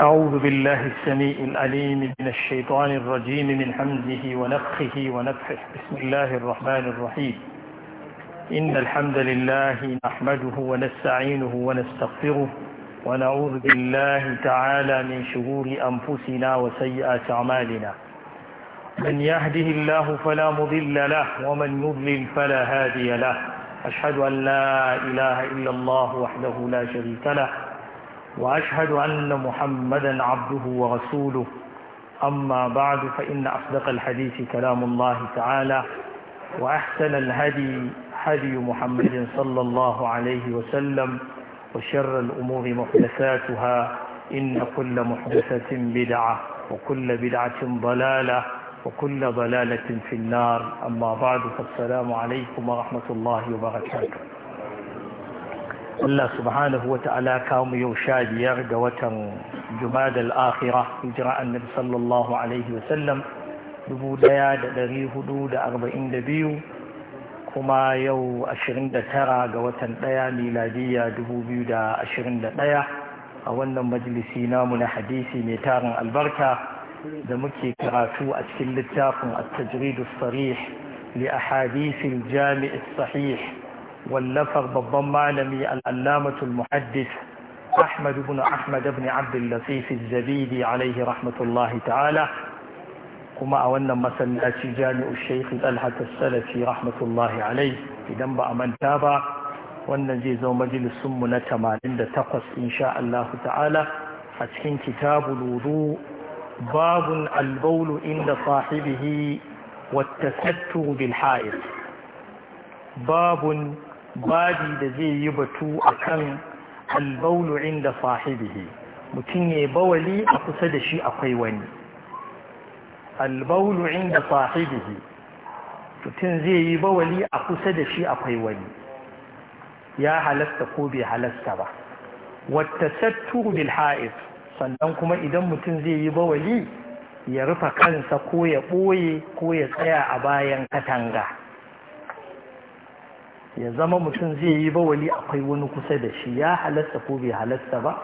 أعوذ بالله السميع العليم من الشيطان الرجيم من حمزه ونفخه ونفخه بسم الله الرحمن الرحيم إن الحمد لله نحمده ونستعينه ونستغفره ونعوذ بالله تعالى من شرور أنفسنا وسيئات أعمالنا من يهده الله فلا مضل له ومن يضلل فلا هادي له أشهد أن لا إله إلا الله وحده لا شريك له وأشهد أن محمدا عبده ورسوله أما بعد فإن أصدق الحديث كلام الله تعالى وأحسن الهدي هدي محمد صلى الله عليه وسلم وشر الأمور محدثاتها إن كل محدثة بدعة وكل بدعة ضلالة وكل ضلالة في النار أما بعد فالسلام عليكم ورحمة الله وبركاته Allah subhanahu wa ta'ala kamu yau sha biyar ga watan jumada akhira hijira annabi sallallahu alaihi dubu daya da dari hudu da arba'in da biyu kuma yau ashirin da tara ga watan daya miladiyya dubu biyu da ashirin da daya a wannan majalisi namu na hadisi mai tarin albarka da muke karatu a cikin littafin at-tajrid sarih li ahadith al sahih wallafar babban malami al’allamatul muhaddis Ahmad ibn Ahmad ibn Abdul Latif al-Zabidi alayhi rahmatullah ta'ala kuma a wannan masallaci jami'u Sheikh Al-Hat al-Salafi rahmatullah alayhi idan ba a manta ba wannan zai zama majalisun mu na tamanin da takwas insha allahu ta'ala a cikin kitabul wudu babun al-bawl inda sahibihi wa at babun babi da zai yi batu a kan albaulu inda sahibihi mutum ya bawali a kusa da shi akwai wani albaulu inda sahibihi mutum zai yi bawali a kusa da shi akwai wani ya halasta ko bai halasta ba wata sattu bil ha'id sannan kuma idan mutum zai yi bawali ya rufe kansa ko ya ɓoye ko ya tsaya a bayan katanga ya zama mutum zai yi bawali akwai wani kusa da shi ya halasta ko bai halasta ba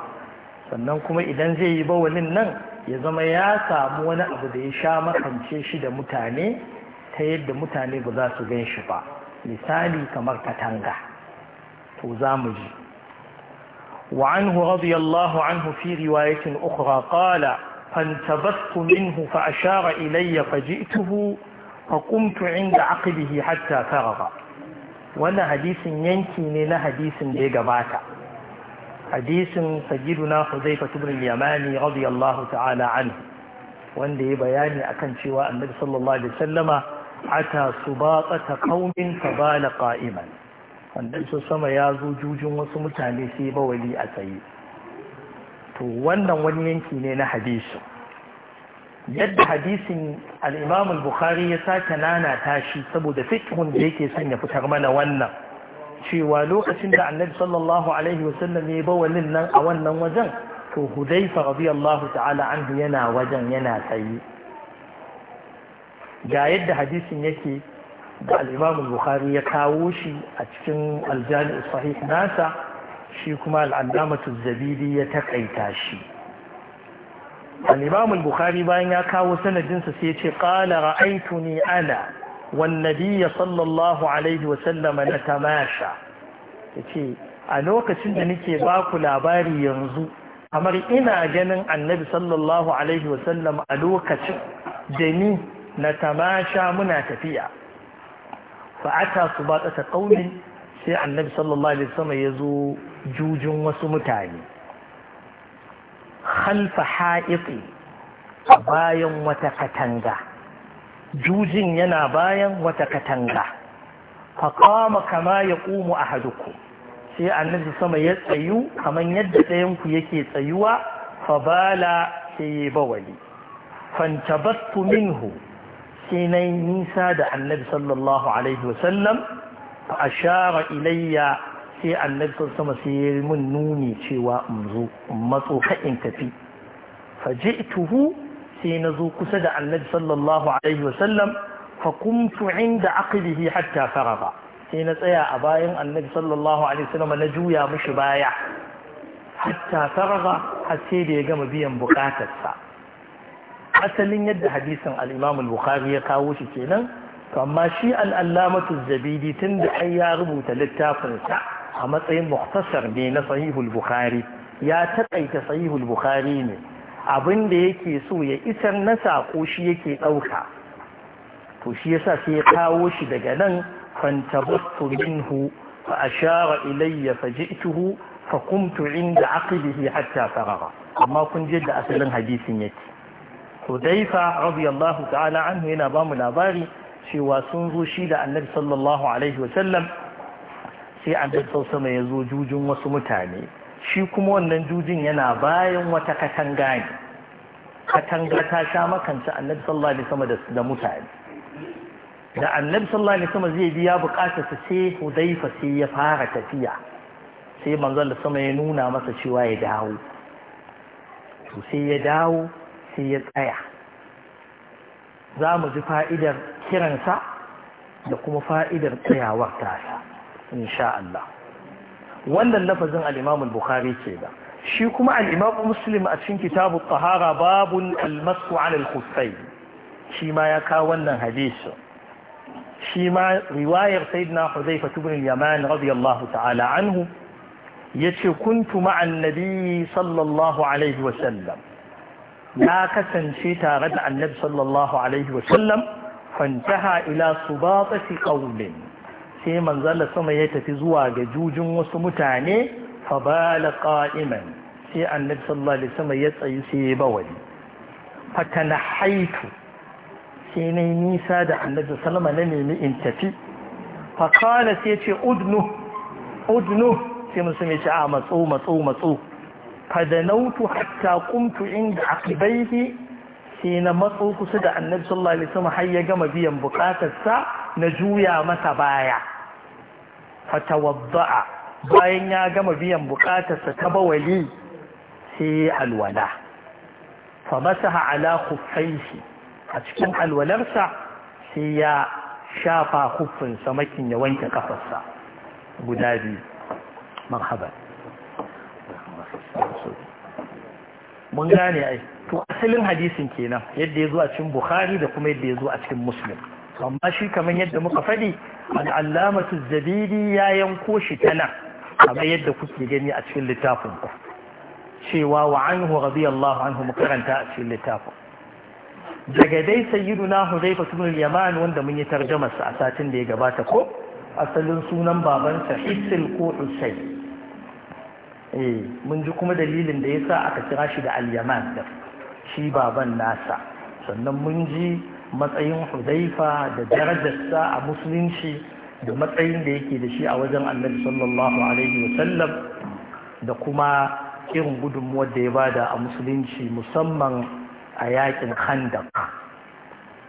sannan kuma idan zai yi bawalin nan ya zama ya samu wani abu da ya sha makance shi da mutane ta yadda mutane ba za su gan shi ba misali kamar katanga to za mu ji وعنه رضي الله عنه في رواية أخرى قال فانتبثت منه فأشار إلي فجئته فقمت عند عقبه حتى فرغ wannan hadisin yanki ne na hadisin da ya gabata hadisin sajiduna huzaifa ibn yamani radiyallahu ta'ala anhu wanda ya bayani akan cewa annabi sallallahu alaihi wasallama ata ta qaumin fabala qa'iman wanda su sama ya zo jujin wasu mutane sai bawali a tsaye to wannan wani yanki ne na hadisin yadda hadisin al al-Bukhari ya sake nana tashi saboda fiqhun da yake son ya fitar mana wannan cewa lokacin da Annabi sallallahu alaihi wasallam ya bawalin nan a wannan wajen to Hudayfa radiyallahu ta'ala anhu yana wajen yana tsaye ga yadda hadisin yake da al al-Bukhari ya kawo shi a cikin al sahih nasa shi kuma al zabidi ya taƙaita shi A imam bukhari bayan ya kawo sanadinsa sai ya ce qala ra'aytuni ana wan nabiyya sallallahu alaihi wa sallam na yace a lokacin da nake ba ku labari yanzu kamar ina ganin annabi sallallahu a lokacin da ni na tamasha muna tafiya fa'ata su ba ta kaunin sai annabi sallallahu ya zo jujin wasu mutane khalfa a bayan wata katanga jujin yana bayan wata katanga faqama kama ya a haduku sai annabi sama ya tsayu kamar yadda ɗayanku yake tsayuwa fabala sai ya bawali fantabattu minhu sai na nisa da annabi sallallahu alaihi wasallam fa ashara ilayya sai annabi sama sai ya mun nuni cewa in zo in matso ka in tafi faji'tuhu sai na zo kusa da annabi sallallahu alaihi wasallam fa kuntu inda aqlihi hatta faraga sai na tsaya a bayan annabi sallallahu alaihi wasallam na juya mishi baya hatta faraga har sai da ya gama biyan bukatarsa asalin yadda hadisin al-Imam al-Bukhari ya kawo shi kenan to amma shi al-Allamatu Zabidi tunda ya rubuta littafinsa. a matsayin muktasar ne na sahihul bukhari ya taƙaita sahihul bukhari ne abin da yake so ya isar na saƙo shi yake ɗauka to shi yasa sai ya kawo shi daga nan fantabattu minhu fa ashara ilayya fa ji'tuhu fa qumtu inda aqibihi hatta faragha amma kun je da asalin hadisin yake Hudaifa radiyallahu ta'ala anhu yana bamu labari cewa sun zo shi da Annabi sallallahu alaihi wa sallam sai annabi sama ya zo jujin wasu mutane shi kuma wannan jujin yana bayan wata katanga ne katanga ta sha makanci annabi sallallahu alaihi sama da mutane da annabi sallallahu alaihi sama zai biya bukatar sa sai hudaifa sai ya fara tafiya sai manzon da sama ya nuna masa cewa ya dawo to sai ya dawo sai ya tsaya za mu ji fa'idar kiransa da kuma fa'idar tsayawar tasa insha Allah wannan lafazin al-Imam al-Bukhari ke da shi kuma al Muslim a cikin kitabu tahara babun al-masu 'ala al-khuffayn shi ma ya kawo wannan hadisu shi ma riwayar sayyidina Hudhayfa ibn al-Yaman radiyallahu ta'ala anhu ya yace kuntu ma'an nabi sallallahu alaihi wa sallam na kasance tare da annabi sallallahu alaihi wa sallam fantaha ila subatati qaumin sai manzala sama ya tafi zuwa ga jujin wasu mutane fabala qa'iman sai annabi sallallahu alaihi wasallam ya tsayi sai ya bawali fatana haitu sai na nisa da annabi salama na nemi in tafi fakala sai ce udnu udnu sai musulmi ce a ah, matso matso matso fadanautu hatta kumtu inda akibaihi sai na matso kusa da annabi sallallahu alaihi wasallam har ya gama biyan bukatarsa na juya masa baya fatawadda'a bayan ya gama biyan bukatarsa ta bawali sai alwala fa masaha ala khuffaihi a cikin alwalarsa sai ya shafa kuffin makin ya wanke kafarsa guda biyu marhaba mun gane ai to asalin hadisin kenan yadda ya zo a cikin bukhari da kuma yadda ya zo a cikin muslim amma shi kamar yadda muka faɗi al'alamatu zabidi ya yanko shi tana kamar yadda kuke gani a cikin littafin ku cewa wa anhu radiyallahu anhu makaranta a cikin littafin daga dai sayyiduna huzaifa ibn yaman wanda mun yi tarjumar a satin da ya gabata ko asalin sunan babansa isil ko usai eh mun ji kuma dalilin da yasa aka kira shi da al-yaman shi baban nasa sannan mun ji matsayin hudaifa da darajarsa a musulunci da matsayin da yake da shi a wajen annabi sallallahu alaihi wasallam da kuma irin gudunmuwar da ya bada a musulunci musamman a yakin khandaq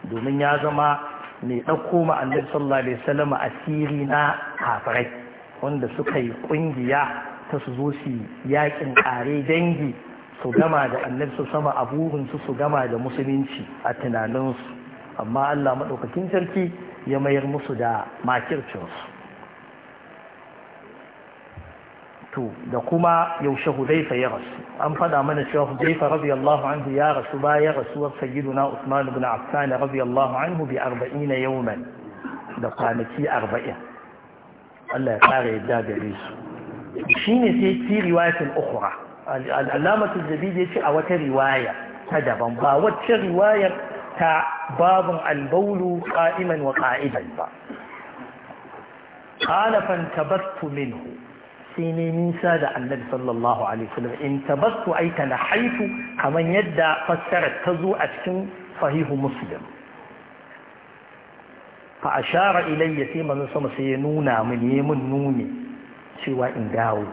domin ya zama mai ɗauko ma annabi sallallahu alaihi wasallam asiri na kafirai wanda suka yi ƙungiya ta su zo su yakin ƙare dangi su gama da annabi su sama a burinsu su gama da musulunci a tunaninsu amma Allah madaukakin sarki ya mayar musu da makircinsu to da kuma yaushe Hudayfa ya rasu an fada mana cewa Hudayfa radiyallahu anhu ya rasu baya rasuwar sayyiduna Uthman ibn affan radiyallahu anhu bi 40 yawman da kwanaki 40 Allah ya kare yadda da su shine sai ci riwayatin ukhra al al jadid yace a wata riwaya ta daban ba wacce riwayar ta babun albaulu ƙa'iman wa ƙa'idan ba ƙalafan tabattu minhu sai ne nisa da annabi sallallahu alaihi wasallam in tabattu ai ta na haifu kamar yadda fassarar ta zo a cikin fahihu muslim fa ashara ilayya sai manzon sama sai ya nuna min ya mun nuni cewa in dawo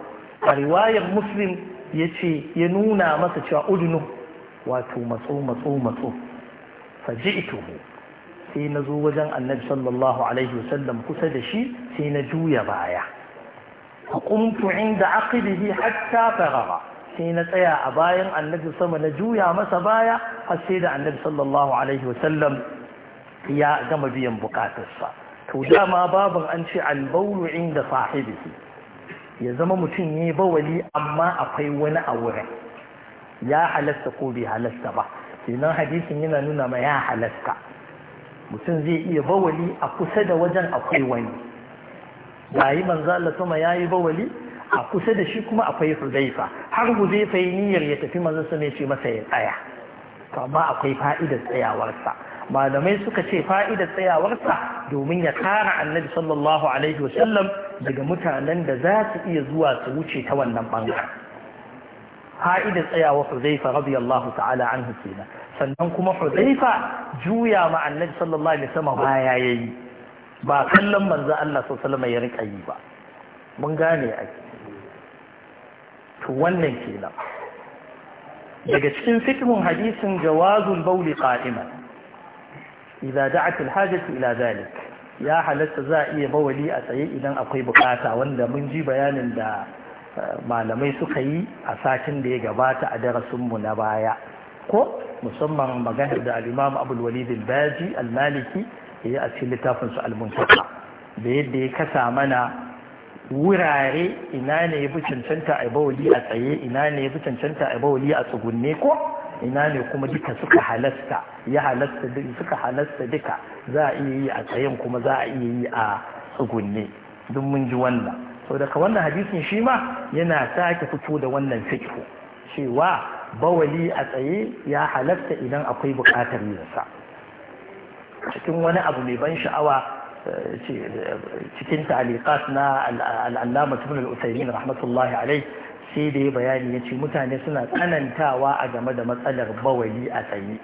a riwayar muslim ya ce ya nuna masa cewa udunu wato matso matso matso faji'tuhu sai na zo wajen annabi sallallahu alaihi wasallam kusa da shi sai na juya baya hukumtu inda aqibihi hatta faragha sai na tsaya a bayan annabi sama na juya masa baya har sai da annabi sallallahu alaihi wasallam ya gama biyan bukatarsa to dama babin an ce albaulu inda sahibihi ya zama mutum ne bawali amma akwai wani a wurin ya halasta ko bai halasta ba Sinan hadisin yana nuna ma ya halasta, mutum zai iya bawali a kusa da wajen akwai wani ba yi manza Allah sama ya yi bawali a kusa da shi kuma akwai huzaifa har huzaifa yi niyyar ya tafi manzo sa ce masa ya tsaya amma akwai fa'idar tsayawarsa malamai suka ce fa'idar tsayawarsa domin ya kara annabi sallallahu alaihi wasallam daga mutanen da za su iya zuwa su wuce ta wannan bangaren fa'idar tsayawa Huzaifa radiyallahu ta'ala an hussina sannan kuma Huzaifa juya ma Annabi sallallahu alaihi wasallam baya yayi ba kallon manzo Allah sallallahu alaihi ya rika yi ba mun gane ke. to wannan kenan daga cikin fikimin hadisin jawazul bauli qa'iman idza da'at al-hajatu ila zalik ya halatta za a iya bawali a tsaye idan akwai bukata wanda mun ji bayanin da malamai suka yi a satin da ya gabata a darasinmu na baya ko musamman maganar da al'imamu abul walid al-baji al-maliki ya a cikin littafinsu su al da yadda ya kasa mana wurare ina ne ya fi cancanta a bawali a tsaye ina ne ya fi cancanta a bawali a tsugunne ko ina ne kuma duka suka halasta ya halasta suka halasta duka za a iya yi a tsayen kuma za a iya yi a tsugunne duk mun ji wannan sau daga wannan hadisin shi ma yana sake fito da wannan fiƙo cewa bawali a tsaye ya halatta idan akwai buƙatar yinsa cikin wani abu mai ban sha'awa eh, eh, cikin ta'aliqat na al'allama da al rahmatullahi alai sai da ya bayani ya ce mutane suna tsanantawa a game da matsalar bawali a tsaye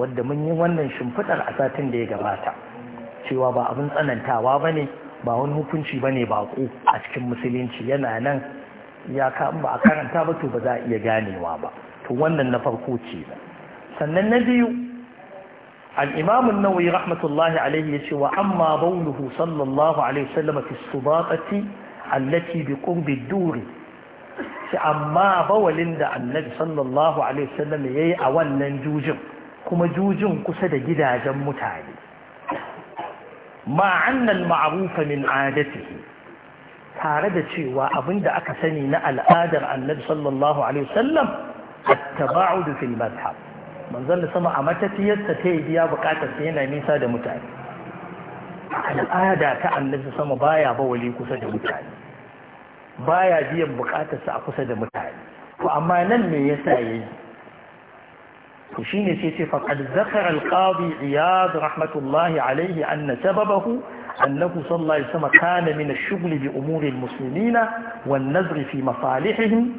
wadda mun yi wannan shimfiɗar a satin da ya gabata cewa ba abin tsanantawa ba ne ba wani hukunci ba ne a cikin musulunci yana nan ya in ba a karanta ba to ba za a iya ganewa ba to wannan na farko ce ba. sannan na biyu al imamun an rahmatullahi alaihi ya yace wa amma Bauluhu sallallahu alaihi wasallam fi ba subaqati allati bi qurbi duri shi amma bawalin da annabi sallallahu alaihi ya yayi a wannan jujin kuma jujin kusa da gidajen mutane ma annal ma'rufa min adatihi tare da cewa abinda aka sani na al'adar annabi sallallahu alaihi wasallam at fil madhhab manzon sama a matafiyarsa ta yi biya bukatar sa yana nisa da mutane al'ada ta annabi sama baya bawali kusa da mutane baya biyan bukatar sa a kusa da mutane to amma nan me yasa yayi وشين سيسي فقد ذكر القاضي عياض رحمة الله عليه أن سببه أنه صلى الله عليه وسلم كان من الشغل بأمور المسلمين والنظر في مصالحهم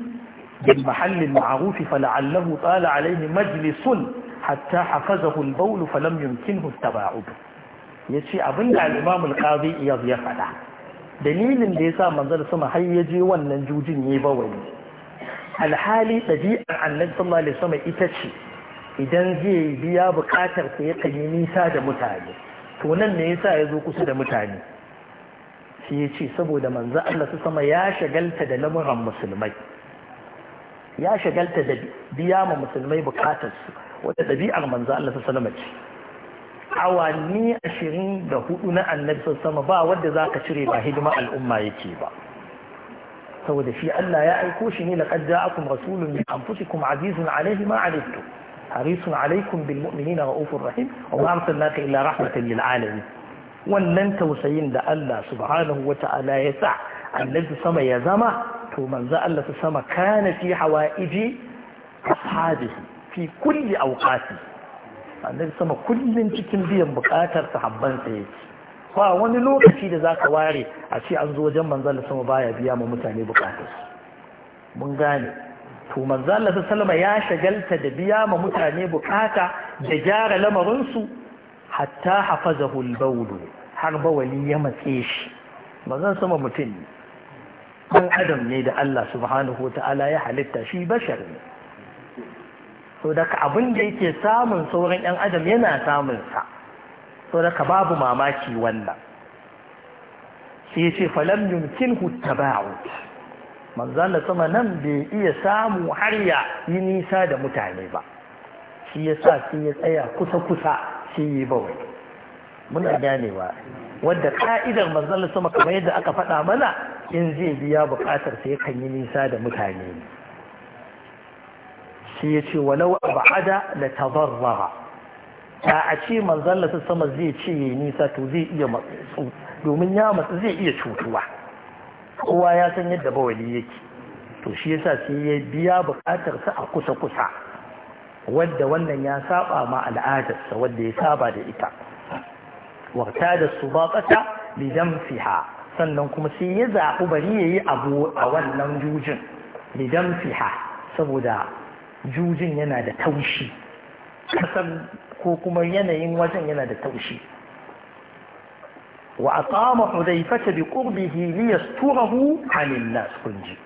بالمحل المعروف فلعله طال عليه مجلس حتى حفزه البول فلم يمكنه التباعد يشي أبن الإمام القاضي عياض يفعله dalilin da ya sa manzar sama har ya je wannan jujin ya yi bawani alhali ɗabi'ar annabi sallallahu alaihi wasallam ita ce idan zai biya bukatar sa yakan yi nisa da mutane to nan ne yasa ya zo kusa da mutane shi ya ce saboda manzo Allah su sama ya shagalta da lamuran musulmai ya shagalta da biya ma musulmai bukatarsu wata ɗabi'ar manzo Allah su sama ce awanni ashirin da hudu na annabi sun sama ba wadda za ka cire ba hidima al'umma yake ba saboda shi Allah ya aiko shi ne laqad ja'akum rasulun min anfusikum azizun alayhi ma anittum harisun alaikum bil mu'minina ra'ufur rahim wa ma arsalnaka illa wannan tausayin da Allah subhanahu Ta'ala ya sa annabi sama ya zama to manzo Allah su sama kana fi hawaiji ashabi fi kulli awqati annabi sama kullun cikin biyan bukatar sahabban sa yake ba wani lokaci da zaka ware a ce an zo wajen manzo Allah sama baya biya ma mutane buƙatar. mun gane to manzo Allah sallama ya shagalta da biya ma mutane bukata da gyara lamarinsu hatta hafazahu al-bawl har bawali ya matse shi manzo sama mutum ne dan adam ne da Allah subhanahu wataala ya halitta shi bashar ne so daga abin da yake samun sauran yan adam yana samun sa so daga babu mamaki wannan sai ce falam yumkinhu tabau manzala sama nan bai iya samu har ya yi nisa da mutane ba shi ya sa sai ya tsaya kusa-kusa shi yi bawai muna ganewa wadda ka'idar manzala sama kamar yadda aka faɗa mana in zai biya buƙatar sai kan yi nisa da mutane shi ya ce walau abada la tabarrara ta a ce manzala sama zai ce yi nisa to zai iya matsu domin ya matsu zai iya cutuwa kowa ya san yadda bawali yake to shi yasa sai ya biya bukatarsa a kusa-kusa wadda wannan ya saba ma al'adarsa wadda ya saba da ita wata da su baƙata lidan fiha sannan kuma sai ya zaɓi bari ya yi abu a wannan jujin lidan fiha saboda jujin yana da taushi kasan ko kuma yanayin wajen yana da taushi وأقام حذيفة بقربه ليستره عن الناس كنجي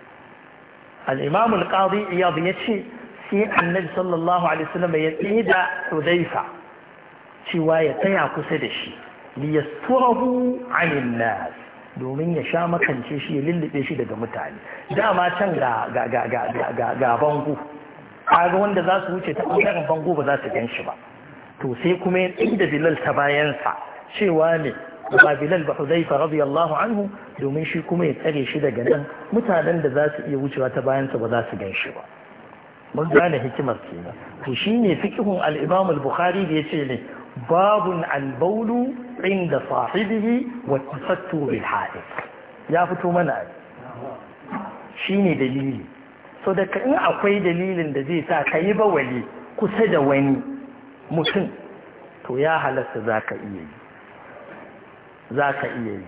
الإمام القاضي عياض يتشي في النبي صلى الله عليه وسلم يتيد حذيفة شواية تيعك سدشي ليستره عن الناس domin ya sha makance shi ya lullube shi daga mutane dama can ga bango kaga wanda za su wuce ta ɓangaren bango ba za su gan shi ba to sai kuma ya tsaye da bilal ta bayansa cewa ne ba bilal ba huzaifa radiyallahu anhu domin shi kuma ya tsare shi daga nan mutanen da za su iya wucewa ta bayansa ba za su gan shi ba mun gane hikimar kenan to shine fiqhun al-imam al-bukhari da yace ne babun al-bawlu inda sahibihi wa tafattu bil hadith ya fito mana shine dalili so da in akwai dalilin da zai sa ka yi bawali kusa da wani mutum to ya halasta zaka iya yi za ka iya yi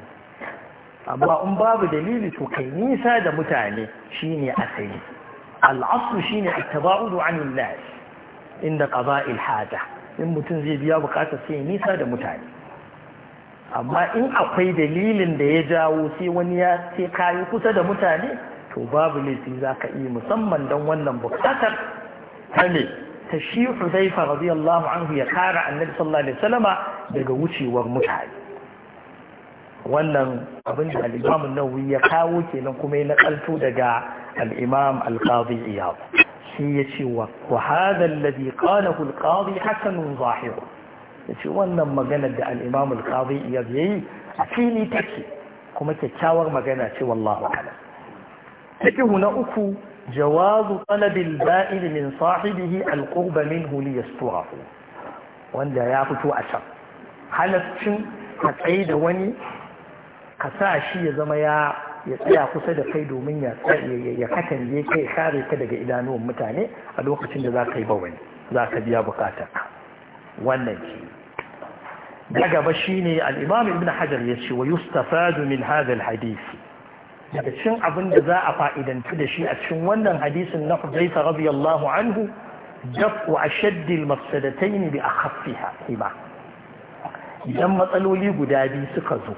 amma in babu dalili to kai nisa da mutane shine asali al'asu shine at-taba'udu 'anil inda kaza ilhada in mutum zai biya bukatar sai nisa da mutane amma in akwai dalilin da ya jawo sai wani ya sai kayi kusa da mutane to babu laifi za ka iya musamman don wannan bukatar ta ne ta shi Hudayfa radiyallahu anhu ya kara annabi sallallahu alaihi wasallama daga wucewar mutane wannan abin da al'imam nawawi ya kawo kenan kuma ya nakalto daga al'imam al-qadi iyab shi ya ce wa wa hadha alladhi qalahu al-qadi hasanun zahir ya wannan magana da al'imam al-qadi iyab yayi a fili take kuma kyakkyawar magana ce wallahu a'lam fiqhu na uku jawazu talabil ba'il min sahibihi al-qurba minhu li wanda ya fito a can halaccin a da wani ka sa shi ya zama ya ya tsaya kusa da kai domin ya ya katange kai kare ka daga idanuwan mutane a lokacin da za ka yi bawani za ka biya bukatar wannan ce na gaba shine al-imam ibn hajar ya ce wa yustafadu min hadha hadisi daga cikin abin da za a fa'idantu da shi a cikin wannan hadisin na Hudayfa radiyallahu anhu daf'u ashaddi al-mafsadatayn bi akhaffiha idan matsaloli guda biyu suka zo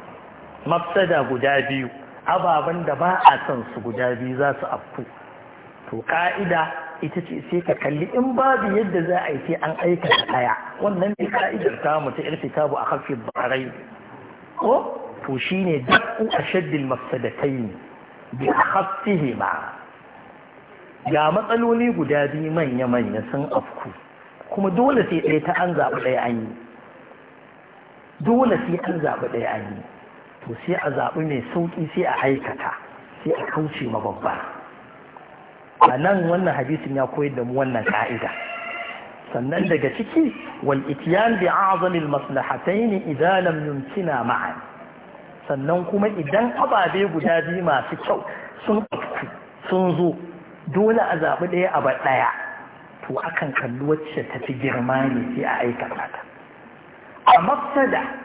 mafsada guda biyu ababen da ba a san su guda biyu za su afku to ka'ida ita ce sai ka kalli in babu yadda za a yi sai an aikata daya wannan ne ka'idar ta mu ta irtikabu a kafin barai ko to shine daku ashaddil mafsadatayn bi akhafihima ga matsaloli guda biyu manya manya sun afku kuma dole sai ɗaya ta an zaɓi ɗaya an yi dole sai an zaɓi ɗaya an yi to sai a zaɓi mai sauƙi sai a aikata sai a kauce ma babba a nan wannan hadisin ya koyar da mu wannan ka'ida sannan daga ciki wal itiyan bi azamil maslahatayn idza lam yumkina ma'an sannan kuma idan ababe guda biyu masu kyau sun sun zo dole a zaɓi ɗaya a bar ɗaya to akan kalli wacce ta fi girma ne sai a aikata ta a mafsada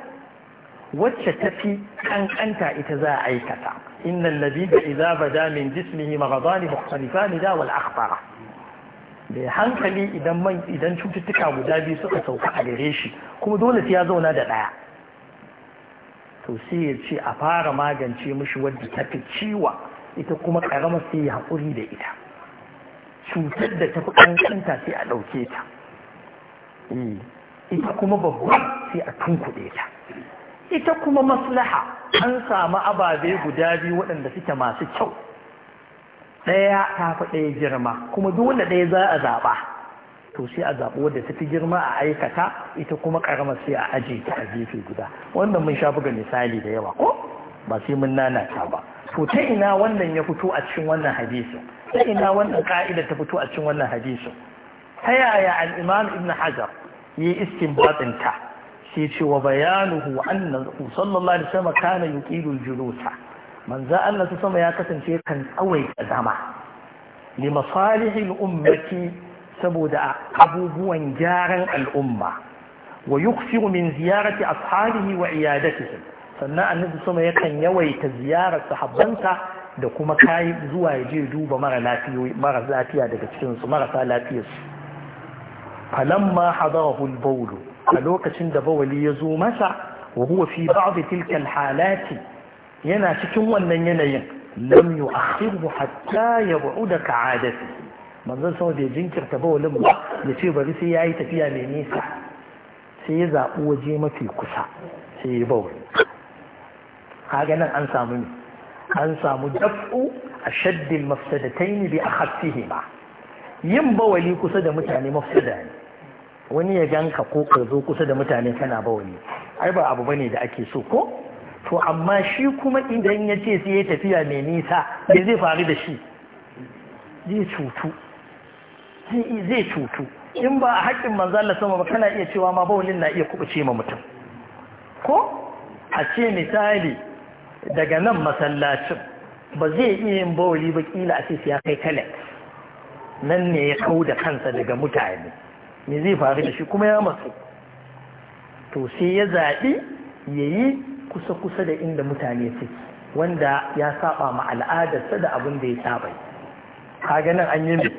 wacce tafi ƙanƙanta ita za a aikata innal ladina idza bada min jismihi maghadani mukhtalifan da wal akhbara da hankali idan man idan cututtuka guda biyu suka sauka a gare shi kuma dole sai ya zauna da daya to sai ya ce a fara magance mishi wadda ta fi ciwa ita kuma karama sai ya haƙuri da ita cutar da ta fi ƙanƙanta sai a ɗauke ta eh, ita kuma babba sai a tunkuɗe ta ita kuma maslaha an samu ababe guda biyu waɗanda suke masu kyau ɗaya ta fi ɗaya girma kuma duk wanda ɗaya za a zaɓa to sai a zaɓi wanda ta fi girma a aikata ita kuma ƙarama sai a aje ta a gefe guda wannan mun sha buga misali da yawa ko ba sai mun nanata ba to ta ina wannan ya fito a cikin wannan hadisin ta ina wannan ka'ida ta fito a cikin wannan hadisin ta yaya al-imam ibn hajar yi istinbatin ta sai ce wa bayanuhu annahu sallallahu alaihi wasallam kana yuqilul julusa manzo Allah ta sama ya kasance kan tsawaita zama li masalihil ummati saboda abubuwan gyaran al'umma wa yuksiru min ziyarati ashabihi wa iyadatihi sannan annabi sama yakan yawaita ziyarar sahabbansa da kuma kai zuwa ya je duba mara lafiya mara lafiya daga cikin su marasa lafiyarsu falamma hadarahu al-bawlu a lokacin da bawali ya zo masa wa huwa fi ba'd tilka alhalati yana cikin wannan yanayin lam yu'akhirhu hatta yab'uda ka'adati manzon sama bai jinkirta bawalin ba ya ce bari sai yayi tafiya mai nisa sai ya zaɓi waje mafi kusa sai ya bawali kaga nan an samu an samu daf'u ashaddil mafsadatayn bi akhafihima yin bawali kusa da mutane mafsada ne wani ya ganka ko ka zo kusa da mutane kana bawani ai ba abu bane da ake so ko to amma shi kuma idan ya ce sai ya tafiya mai nisa me zai faru da shi zai cutu zai cutu in ba a haƙƙin manzala sama ba kana iya cewa ma bawalin na iya kubuce ma mutum ko a ce misali daga nan masallacin ba zai iya yin bawali ba kila a ce ya kai talent nan ne ya kau da kansa daga mutane me zai faru da shi kuma ya matsu to sai ya zaɓi ya yi kusa-kusa da inda mutane suke wanda ya saba ma al'adarsa da abin da ya saba kaga nan an yi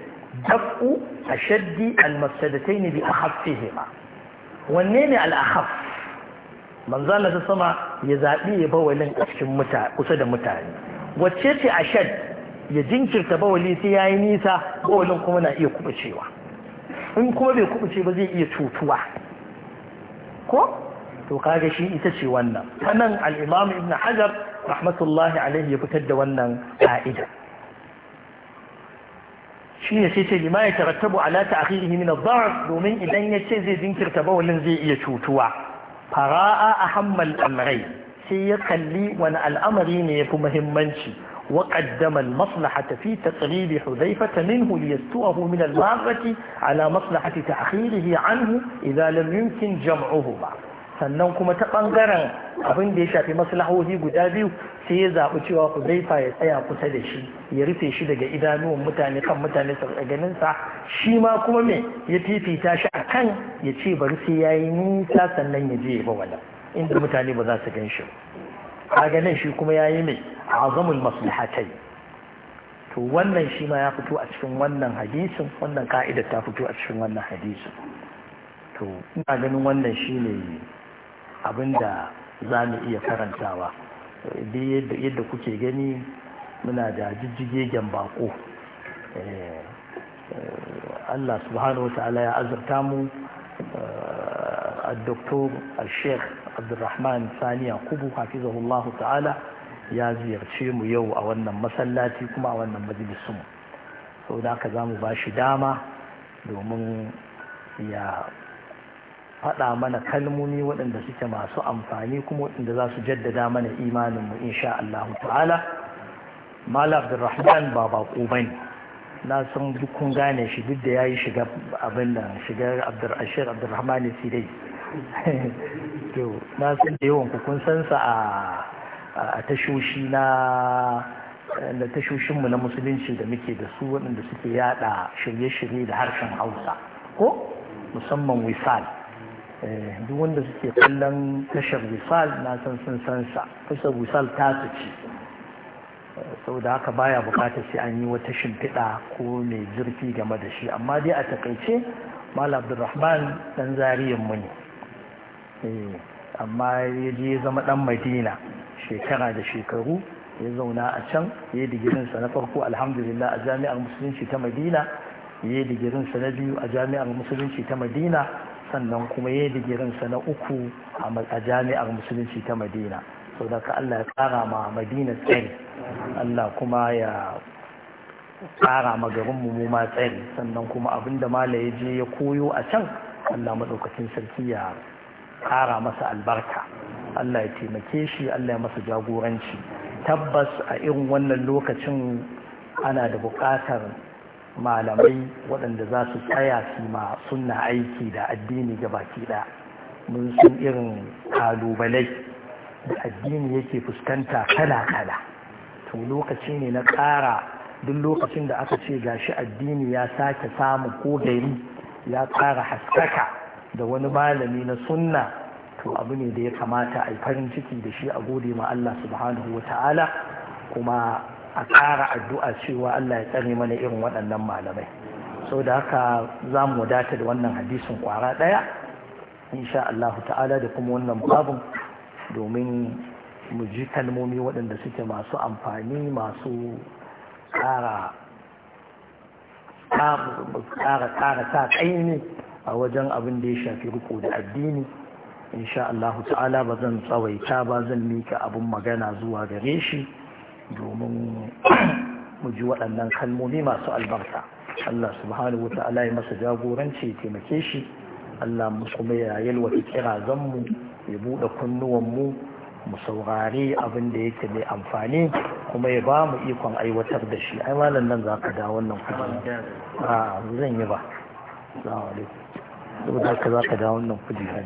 dafu a shaddi al-mafsadatai ne bi a hafi wanne ne al'ahaf manzo Allah ta sama ya zaɓi ya bawalin cikin kusa da mutane wacce ce a shad ya jinkirta bawali sai yayi nisa bawalin kuma na iya kuma cewa. in kuma bai kubuce ba zai iya cutuwa ko to kaga shi ita ce wannan sanan al-imam ibn hajar rahmatullahi alaihi ya fitar da wannan ka'ida shi ne sai ce lima ya tarattabu ala ta'khirihi min ad-dar domin idan ya ce zai jinkirta bawalin zai iya cutuwa fara'a ahammal amrai sai ya kalli wani al'amari ne ya fi muhimmanci وقدم المصلحة في تقليل حذيفة منه ليستوه من المارة على مصلحة تأخيره عنه إذا لم يمكن جمعهما sannan kuma ta ɓangaren abin da ya shafi maslahohi guda biyu sai ya zaɓi cewa huzaifa ya tsaya kusa da shi ya rufe shi daga idanuwan mutane kan mutane su ganin sa shi ma kuma me ya fifita shi a kan ya ce bari sai ya yi nisa sannan ya je ya ba wala inda mutane ba za su gan shi ba ganin shi kuma ya yi mai azamul maslahatai to wannan shi ma ya fito a cikin wannan hadisin wannan ka'idar ta fito a cikin wannan hadisin to ina ganin wannan shi ne abinda za mu iya karantawa yadda kuke gani muna da jijjigegen bako eh, eh, Allah subhanahu wa ta'ala ya azurta mu eh, a الشيخ Al-Sheikh Abdulrahman Sani حفظه الله ta'ala. ya ziyarce mu yau a wannan masallaci kuma a wannan majalisun sau da aka za mu ba shi dama domin ya faɗa mana kalmomi waɗanda suke masu amfani kuma waɗanda za su jaddada mana imaninmu insha Allah ta'ala mala abdurrahman ba bako ba ne na san duk gane shi duk da ya yi shiga abin da shigar abdurashir abdurrahman sidai to na san da yawan ku kun san sa a a tashoshi na na musulunci da muke da su waɗanda suke yada shirye-shirye da harshen hausa ko musamman wisal eh, duk wanda suke kallon tashar wisal na san sun san sa tashar wisal ta su ce eh, saboda haka baya bukatar sai an yi wata shimfiɗa ko mai zurfi game da shi amma dai a takaice mal abdulrahman dan zariyan mu ne eh, amma ya je zama ɗan madina shekara da shekaru ya zauna a can ya yi digirinsa na farko alhamdulillah a jami'ar musulunci ta madina ya yi digirinsa na biyu a jami'ar musulunci ta madina sannan kuma ya yi digirinsa na uku a jami'ar musulunci ta madina sau da ka allah ya kara ma madina tsari allah kuma ya kara ma garinmu mu ma tsari sannan kuma abinda mala ya je ya koyo a can allah maɗaukacin sarki ya kara masa albarka Allah ya taimake shi Allah ya masa jagoranci tabbas a irin wannan lokacin ana da buƙatar malamai waɗanda za su tsaya su ma suna aiki da addini baki ɗaya mun sun irin kalubalai da addini yake fuskanta kala-kala to lokaci ne na ƙara duk lokacin da aka ce gashi addini ya sake samun ko gari ya ƙara haskaka da wani malami na sunna to abu ne da ya kamata a yi farin ciki da shi a gode ma Allah subhanahu wa ta'ala kuma a ƙara addu'a cewa Allah ya tsare mana irin waɗannan malamai sau da haka za mu wadata da wannan hadisin ƙwara ɗaya insha Allah ta'ala da kuma wannan babin domin mu ji kalmomi waɗanda suke masu amfani masu ƙara ƙara ƙara sa ƙaimi a wajen abin da ya shafi riko da addini insha Allah ta'ala ba zan tsawaita ba zan mika abin magana zuwa gare shi domin mu ji waɗannan kalmomi masu albarka Allah subhanahu wa ta'ala ya masa jagoranci ya taimake shi Allah mu kuma ya yalwata kirazanmu ya buɗe kunnuwanmu mu saurari abin da yake mai amfani kuma ya ba mu ikon aiwatar da shi ai malam nan za ka da wannan kuma zan yi ba da haka za ka dawo wannan kudi ne